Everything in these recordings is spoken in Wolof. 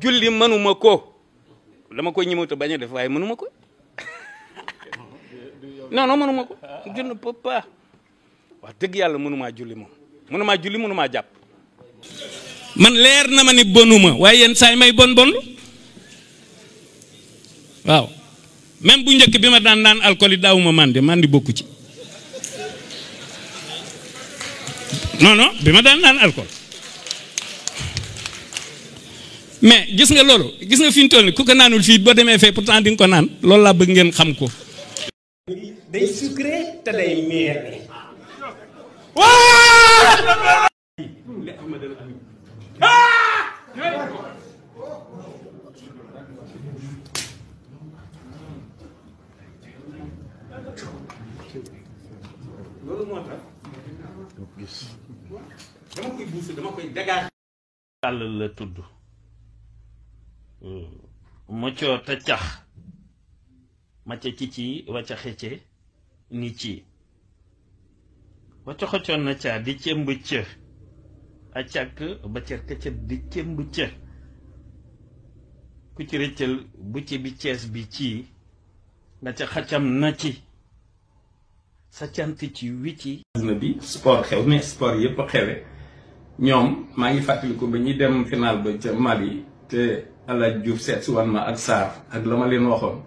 julli mënuma ko dama koy ñëmatu bañ a def waaye mënuma ko non non mënuma ko wax dëgg yàlla mënumaa julli moom mënumaa julli mënumaa jàpp man leer na ma ni bonuma waaye yenn saa may bon bon waaw même bu njëkk bi ma daan naan alcool yi daawuma màndi màndi bokku ci non bi ma daan naan alcool mais gis nga loolu gis nga fi ñu toll ni ku ko naanul fii boo demee fee pourtant di nga ko naan loolu laa bëgg ngeen xam ko. la tudd. moccoo ta macca ci ci wacca xecce ni ci wacca xoccoon na caa di cëmb cë a càkk ba cër ka cër di cëmb cë ku ci rëccal bu ci bi cees bi ci nga ca xaccam na ci sa cant ci wi ci bi sport xew mais sport yëpp xewe ñoom maa ngi fàttaliku ba ñuy dem final ba ca Mali te Alaaji Diouf seet si wan ma ak Sarr ak la ma leen waxoon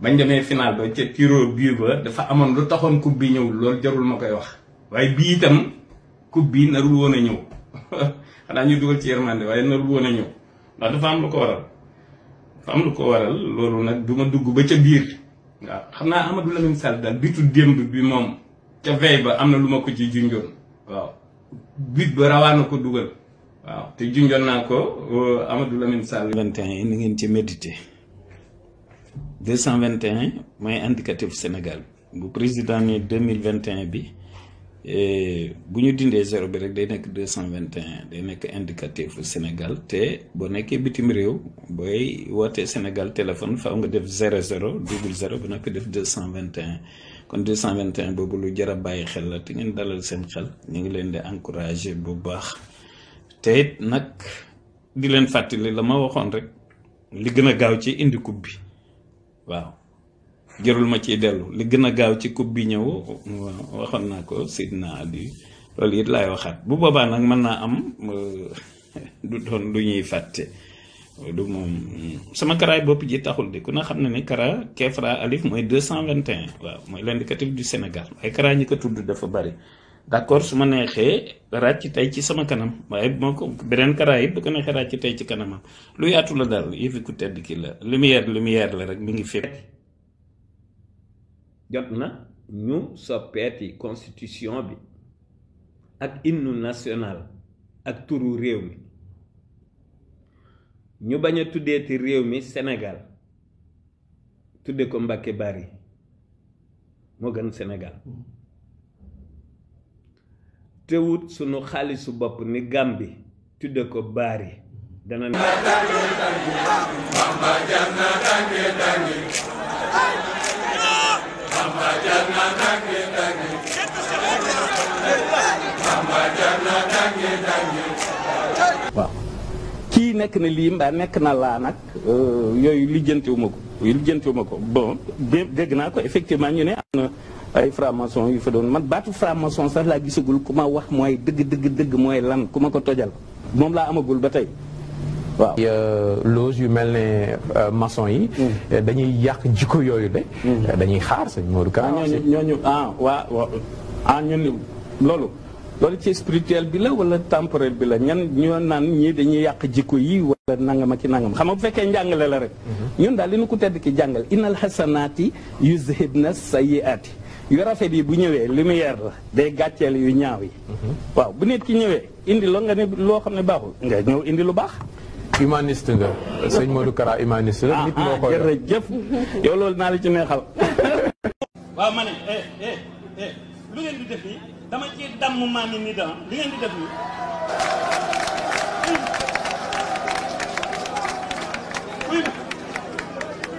bañ demee final ba ca tiro biir ba dafa amoon lu taxoon kub bi ñëw loolu jarul ma koy wax waaye bii itam kub bi narul woon a ñëw xanaa ñu dugal ci yërmande waaye narul woon a ñëw ndax dafa am lu ko waral dafa am lu ko waral loolu nag du ma dugg ba ca biir waaw xam naa Amadou la Sall daal bitu démb bi moom ca vey ba am na lu ma ko ci junjoon waaw bit ba rawaan na ko dugal waaw te junjoon naa ko euh, Amadou Lamine Sall. 221 yi ni ngeen ci méditer 221 mooy indicatif Sénégal bu président ni 2021 bi eh, bu ñu dindee zéro bi rek day nekk 221 day nekk indicatif Sénégal te boo nekkee bitim réew booy wootee Sénégal téléphone faaw nga def 00 double 0 ba noppi def 221 kon 221 boobu lu jar bàyyi xel la te ngeen dalal seen xel ñu ngi leen di encourager bu baax. te nag di leen fàttali la ma waxoon rek li gën a gaaw ci indi coupe bi waaw jërul ma ciy dellu li gën a gaaw ci coupe bi ñëw waxoon naa ko Sidna Ali loolu it laay waxaat bu boobaa nag mën naa am euh, du doon lu ñuy fàtte du moom sama karaay bopp ji taxul de ku na xam ne ni kara Kefra Alif mooy 221 waaw mooy l'indicatif du Sénégal waaye kara ñi ko tudd dafa bari d'accord su ma neexee ràcc tey ci sama kanam waaye moo ko beneen karaa it ko neexee ràcc tey ci kanamam lu yaatu la daal yëfi ku tedd ki la lumière lumière la rek mu ngi fépp jot na ñu soppeeti constitution bi ak hymne national ak turu réew mi ñu bañ a tuddeeti réew mi senegal tudde ko Mbàkke Bari moo gën senegal te wut sunu xaalisu bopp ni Gàmbi tudde ko baari dana ne waaw kii nekk na lii mbaa nekk na laa nag euh, yooyu lijjantiwuma ko yi jëntuma ko bon dégg naa ko effectivement ñu ne am na ay franc-maçon yu fa doon man baatu franc-maçon sax laa gisagul ku ma wax mooy dëgg dëgg dëgg mooy lan ku ma ko tojal moom laa amagul ba tey waaw euh, loge yu mel ne euh, mason yi. Mm. Euh, dañuy yàq jikko yooyu de. Mm. dañuy xaar sëñ Modou Ka. Ah, ñooñu ñooñu ah waa ah ñun loolu. loolu ci spirituel bi la wala temporel bi la ñan ñoo naan ñi dañu yàq jikko yi wala nangam ak nangam xam nga bu fekkee njàngale la rek. Mhm. ñun daal li nu ko tedd ki jàngal innal xasanaati yuzhibna sayyiati yu rafet yi bu ñëwee lumière la day gàcceel yu ñaaw yi. Mhm. waaw bu nit ki ñëwee indi loo nga ne loo xam ne baaxul nga ñëw indi lu baax. humaniste nga sëñ Modou Kara humaniste la. nit moo ah, ah, ko jërëjëf yow loolu naa la ci neexal. dama ci damm maa ngi nii li ngeen di def nii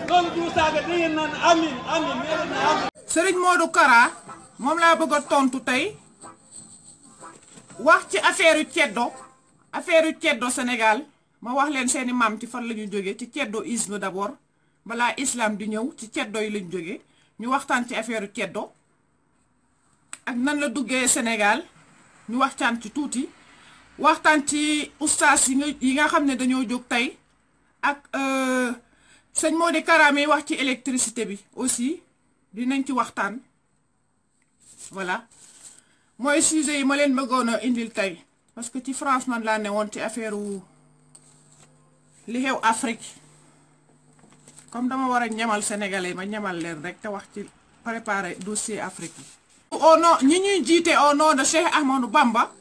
loolu du saaga da ngeen naan Kara moom laa bëgg a tontu tey wax ci affaire yu ceddo affaire yu ceddo senegal ma wax leen seeni maam ci fan la ñu jógee ci ceddo isme d'abord balaa islam di ñëw ci ceddo yi lañu jógee ñu waxtaan ci affaire yu ceddo ak nan la duggee Sénégal ñu waxtaan ci tuuti waxtaan ci ustaas yi nga yi nga xam ne dañoo jóg tey ak euh, sëñ Modou Karamé wax ci électricité bi aussi dinañ ci waxtaan voilà mooy sujet yi ma leen bëggoon a indil tey parce que ci France man laa ne woon ci affaire wu li xew Afrique comme dama war a ñamal sénégalais ma ñamal leen rek te wax ci préparer dossier Afrique yi au nom ñi ñuy jiite au nom de Cheikh Ahmadou Bamba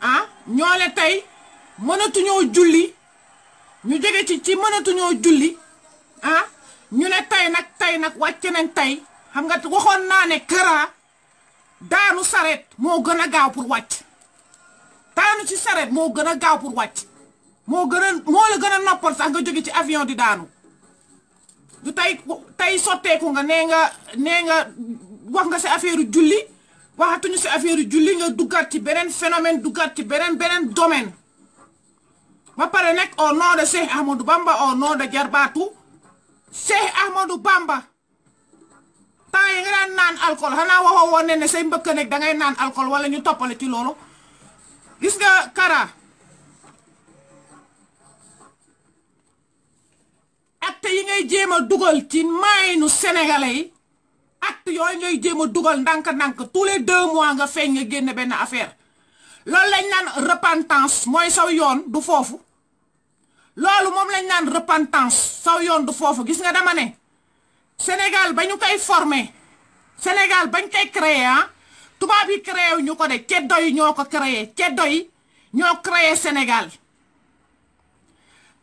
ah ñoole tey mënatuñoo julli ñu jóge ci ci mënatuñoo julli ah ñu ne tey nag tey nag wàcc nañ tey xam nga waxoon naa ne këraa daanu saret moo gën a gaaw pour wàcc daanu ci saret moo gën a gaaw pour wàcc moo gën a moo la gën a noppal sax nga jóge ci avion di daanu du tey tey sotteeku nga nee nga nee nga wax nga si affaire julli waxatuñu si affaire julli nga duggaat ci beneen phénomène duggaat ci beneen beneen domaine ba pare nekk au nom de Cheikh Ahmadou Bamba au nom de jarbaatu Cheikh Ahmadou Bamba temps yi nga daan naan alcool xanaa waxoo woon say mbëkk nekk ngay naan alcool wala ñu toppale ci loolu gis nga Kara acte yi ngay jéem a dugal ci maayinu sénégalais yi acte yooyu ngay jéem a dugal ndànk-ndànk tous les deux mois nga feeñ nga génne benn affaire loolu lañ naan repentance mooy saw yoon du foofu loolu moom lañ naan repentance saw yoon du foofu gis nga dama ne Sénégal ba ñu koy formé Sénégal bañ koy créé ah tubaab yi créé wu ñu ko de ceddo yi ñoo ko créé ceddo ñoo créé Sénégal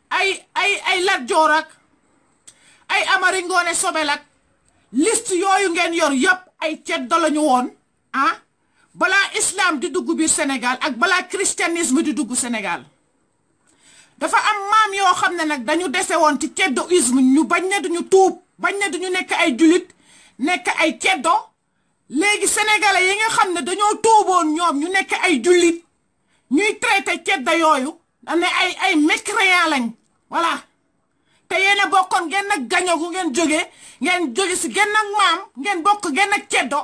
ay ay ay Lat Joor ay Amari Ngoone Sobel ak liste yooyu ngeen yor yëpp ay ceddo lañu woon ah balaa islaam di dugg biir Sénégal ak balaa christianisme di dugg senegal dafa am maam yoo xam ne nag dañu dese woon ci ceddoisme ñu bañ ne duñu tuub bañ ne duñu nekk ay julit nekk ay ceddo léegi sénégalais yi nga xam ne dañoo tuuboon ñoom ñu nekk ay jullit ñuy traité cedda yooyu dañ ay ay mécréant lañ voilà te yéen a bokkoon ngeen nag gaño gu ngeen jógee ngeen jóge si genn ak maam ngeen bokk genn ak ceddo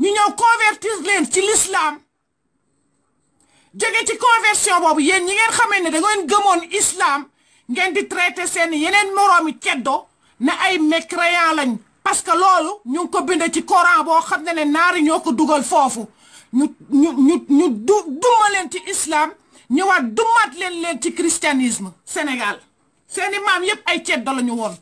ñu ñëw convertir leen ci l'islam jóge ci conversion boobu yéen ñi ngeen xamee ne da ngeen gëmoon islam ngeen di traité seen yeneen moroomi ceddo ne ay mécréant lañ parce que loolu ñu ngi ko bindee ci coran boo xam ne ne naari ñoo ko dugal foofu ñu ñu ñu ñu du duma leen ci islam ñëwaat dumaat leen leen ci christianisme Sénégal seeni maam yépp ay ceddo la ñu woon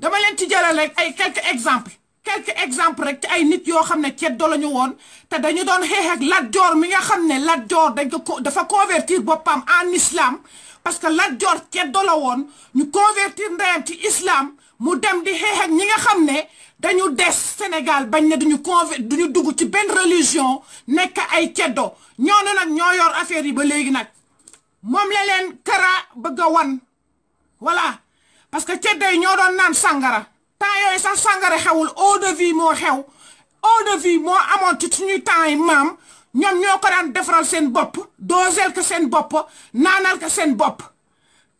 dama leen ci jëlal rek ay quelques exemple quelques exemple rek ci ay nit yoo xam ne ceddo la ñu woon te dañu doon xeex ak Joor mi nga xam ne Lat Joor dañ ko dafa convertir boppam en islam parce que Lat Joor ceddo la woon ñu convertir ndeyam ci islam mu dem di xeex ñi nga xam ne dañu des Sénégal bañ ne duñu conver dugg ci benn religion nekk ay ceddo ñooñu nag ñoo yor affaire yi ba léegi nag moom la leen Kara bëgg a wan. voilà parce que cedday ñoo doon naan sangara temps sax sàngara xewul eau de vie moo xew eau de vie moo amoon ci suñuy temps yi maam ñoom ñoo ko daan defaral seen bopp dooseel ko seen bopp naanal ko seen bopp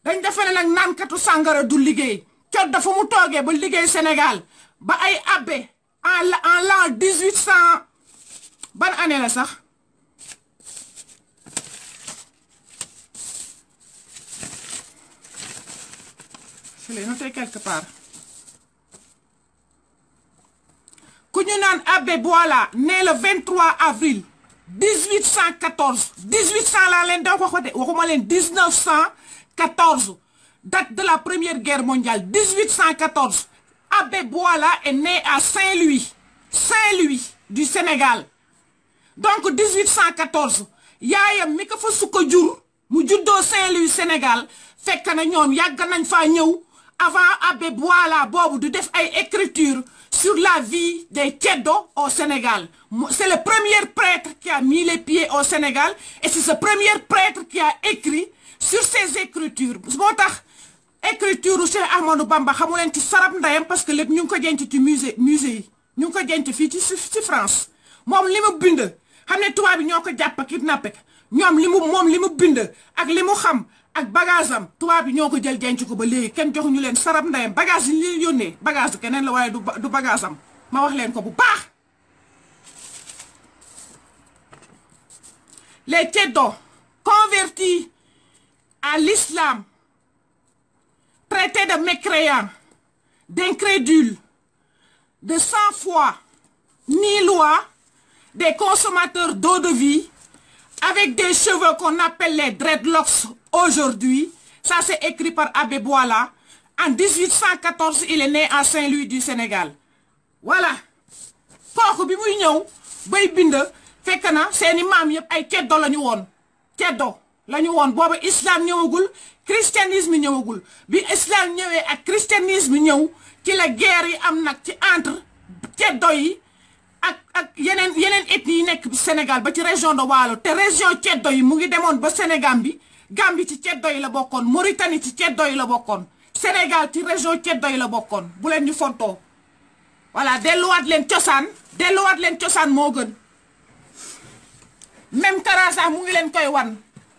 dañ defe ne nag naankatu sàngara du liggéey cot fu mu toogee ba liggéey Sénégal ba ay abbé en la dix-huit cent ban année sax je l'ai noté ku ñu naan abbé Boilat né le 23 avril 1814 1800 laa leen da wax de waxuma leen 1914 date de la première guerre mondiale 1814 abbé Boilat est né à Saint-Louis Saint-Louis du Sénégal donc 1814 yaayam mi ko fa sukk jur mu juddoo Saint-Louis Sénégal fekk na ñoom yàgg nañ fa ñëw avant Abbé Boila boobu du def ay écriture sur la vie des Ceddo au Sénégal c'est le première prêtre qui a mis les pieds au Sénégal et c'est ce premier prêtre qui a écrit sur ces écritures moo tax écriture u Cheikh Ahmadou Bamba xamu ci sarab ndeyam parce que lépp ñu ngi ko denc ci musée musée yi ñu ko denc fii ci ci France moom li mu bind xam ne tubaab yi ñoo ko jàpp kidnappé ñoom li mu moom li mu bind ak li mu xam ak bagage am tubaab bi ñoo ko jël denc ko ba léegi kenn joxuñu leen sarab ndeyam bagage yi ñu leen yónnee bagage keneen la waaye du bagage am ma wax leen ko bu baax les ceddo convertis à l'islam traités de mécréants d'incrédules de sans foi ni loi des consommateurs d'eau de vie avec des cheveux qu'on appelle les dreadlocks aujourd'hui. Ça, c'est écrit par Abbé Boila. En 1814, il est né à Saint-Louis du Sénégal. Voilà. kooku bi muy ñëw bay bind fekk na seeni maam yëpp ay keddo la ñu woon keddo la ñu woon booba islam ñëwagul christianisme ñëwagul bi islam ñëwee ak christianisme ñëw ci la guerre yi am nag ci entre keddo yi ak ak yeneen yeneen ethnie yi nekk bi Sénégal ba ci région de Waalo te région ceddo yi mu ngi demoon ba Sénégal bi Gambie ci ceddo yi la bokkoon Mauritanie ci ceddo yi la bokkoon Sénégal ci région ceddo yi la bokkoon bu leen ñu fontoo voilà delluwaat leen cosaan delluwaat leen cosaan moo gën même Kara sax mu ngi leen koy wan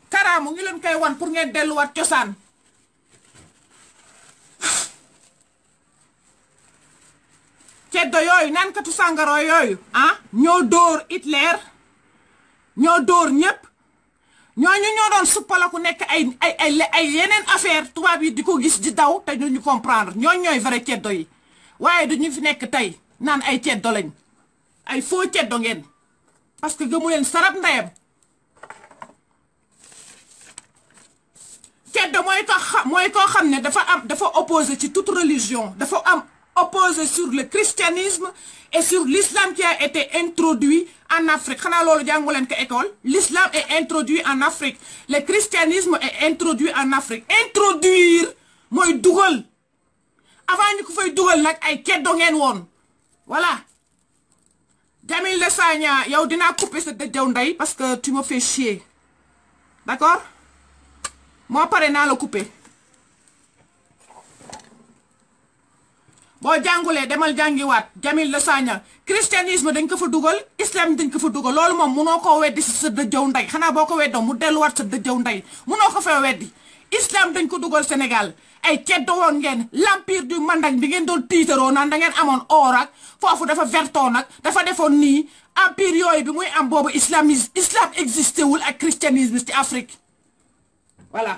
Kara mu ngi leen koy wan pour ngeen delluwaat cosaan. ceddo yooyu nankatu sàngaro yooyu ah ñoo dóor Hitler ñoo dóor ñëpp ñooñu ñoo doon suppalaku nekk ay ay ay ay yeneen affaire tubaab yi di ko gis di daw te ñu comprendre ñooñu ñooy vrai ceddo yi waaye du ñu fi nekk tey naan ay ceddo lañ ay faux ceddo ngeen parce que gëmu leen sarab ndeyam ceddo mooy ko mooy koo xam ne dafa am dafa opposé ci toute religion dafa am. opposé sur le christianisme et sur l'islam qui a été introduit en Afrique xanaa loolu jàngu leen école l'islam est introduit en Afrique le christianisme est introduit en Afrique introduire mooy dugal avant ñu ko fay dugal nag ay keddo ngeen woon voilà Jamil Le Sagna yow dinaa couper sa dëjjaw ndey parce que tu me fais chier d'accord moo pare naa la couper boo jàngulee demal jàngiwaat Jamil Lasagna christianisme dañ ko fa dugal islam dañ ko fa dugal loolu moom munoo ko weddi si sa dëjëw ndey xanaa boo ko weddoo mu delluwaat sa dëjëw ndey munoo ko fa weddi islam dañ ko dugal Sénégal ay ceddo woon ngeen l'empire du mandak bi ngeen doon tiitaroo naan da ngeen amoon or ak foofu dafa vertoon nag dafa defoon nii empire yooyu bi muy am boobu islamisme islam existé wul ak christianisme ci Afrique voilà.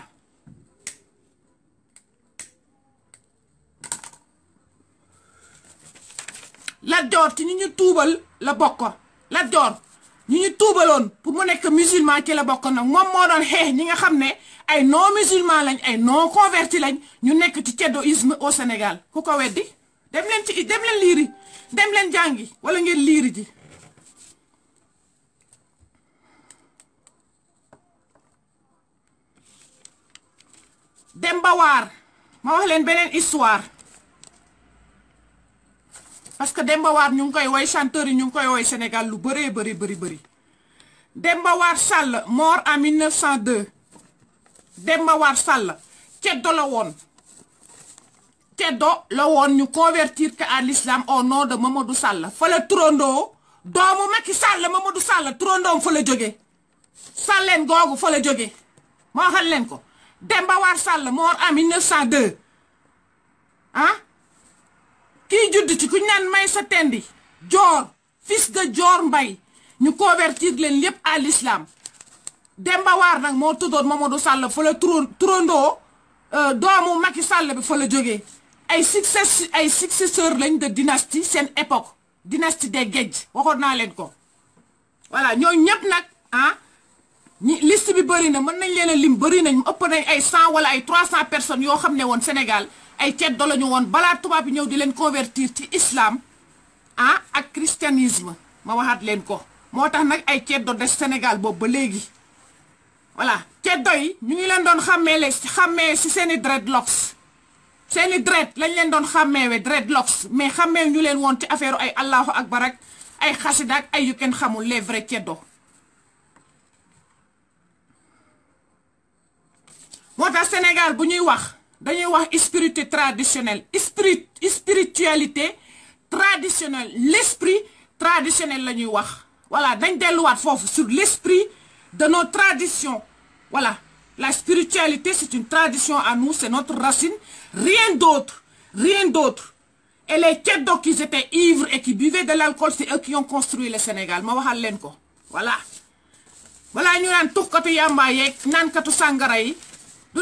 Lat Joor ci ñu ñu tuubal la bokkoon Lat Joor ñu ñu tuubaloon pour mu nekk musulman ci la bokk nag moom moo doon xeex ñi nga xam ne ay non musulman lañ ay non converti lañ ñu nekk ci ceddoïsme au senegal ku ko weddi dem leen ci dem leen liiri dem leen jàngi wala ngeen liiri ji Demba War ma wax leen beneen histoire parce que Demba War koy woy chanteur yi ñu ngi koy woy Sénégal lu bëree bëri bëri bëri Demba War Sall mort en 1902 Demba War Sall ceddo la ceddo la ñu convertir que à l'islam au nom de Mamadou Sall fa la turandoo doomu Macky Sall Mamadou Sall turandoom fa la jóge sàlleen googu fa la jóge moo xal leen ko Demba War Sall mort en 1902 ah kii judd ci kuñ naan may sa tendi joor fils de joor mbay ñu convertir leen lépp à l'islam Demba nag moo tuddoon Mamadou Sall fa la turandoo euh, doomu Macky sàll bi fa la jógee ay success ay successeur lañ de dynastie seen époque dynastie des Guedj waxoon naa leen ko voilà ñoo ñëpp nag ah ñi liste bi bëri na mën nañ leen a lim bëri nañ ëpp nañ ay cent wala ay trois cent personnes yoo xam ne woon Sénégal ay ceddo la ñu woon balaa tubaab yi ñëw di leen convertir ci islam ah ak christianisme ma waxaat leen ko moo tax nag ay ceddo des senegal boobu ba léegi voilà ceddo yi ñu ngi leen doon xàmmee xàmmee si seeni i dreadlocks seeni dret dread lañ leen doon xàmmeewe dreadlocks mais xàmmee ñu leen woon ci affaire ay allahu akbar ak ay xasida ak ay yu kenn xamul les vrais ceddo moo tax Sénégal bu ñuy wax dañuy wax spirituel traditionnel spirit spiritualité traditionnelle l'esprit traditionnel la ñuy wax voilà dañ delluwaat foofu sur l'esprit de nos tradition voilà la spiritualité c'est une tradition à nous c'est notre racine rien d'autre rien d'autre et les qui étaient ivres et qui buvaient de l'alcool c'est eux qui construit le Sénégal ma waxal leen ko voilà balaa ñu naan tuxkatu yàmba yeeg naankatu sàngara yi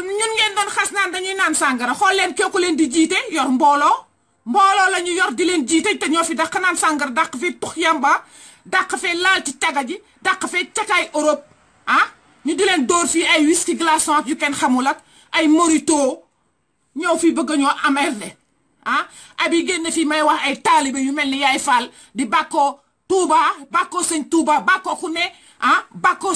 ñun ngeen doon xas naan dañuy naan sàngara xool leen kooku leen di jiite yor mbooloo mbooloo la ñu yor di leen jiite te ñoo fi dàq naan sàngara daq fee tux yamba dàq fee laal ci caga ji dàq fee cakaay Europe ah ñu di leen door fii ay whisky glaçon ak yu kenn xamul ak ay morito ñëw fi bëgg ñoo amerde ah abi yi génn fii may wax ay taalibe yu mel ni yaay Fall di bàkkoo Touba bàkkoo sëñ Touba bàkkoo ku ne ah bàkkoo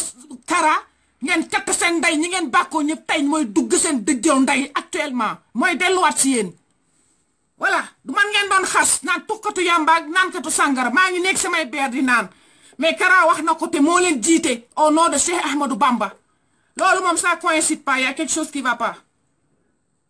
Kara ngeen capp seen ndey ñi ngeen bàkkoo ñëpp tey mooy dugg seen dëjjëw ndey actuellement mooy delluwaat si yéen voilà du man ngeen doon xas naan tukkatu yàmbaak naankatu sàngara maa ngi nekk samay beer di naan mais Kara wax na ko te moo leen jiite au nom de Cheikh Ahmadou Bamba loolu moom ça coïncide pas y a quelque chose qui va pas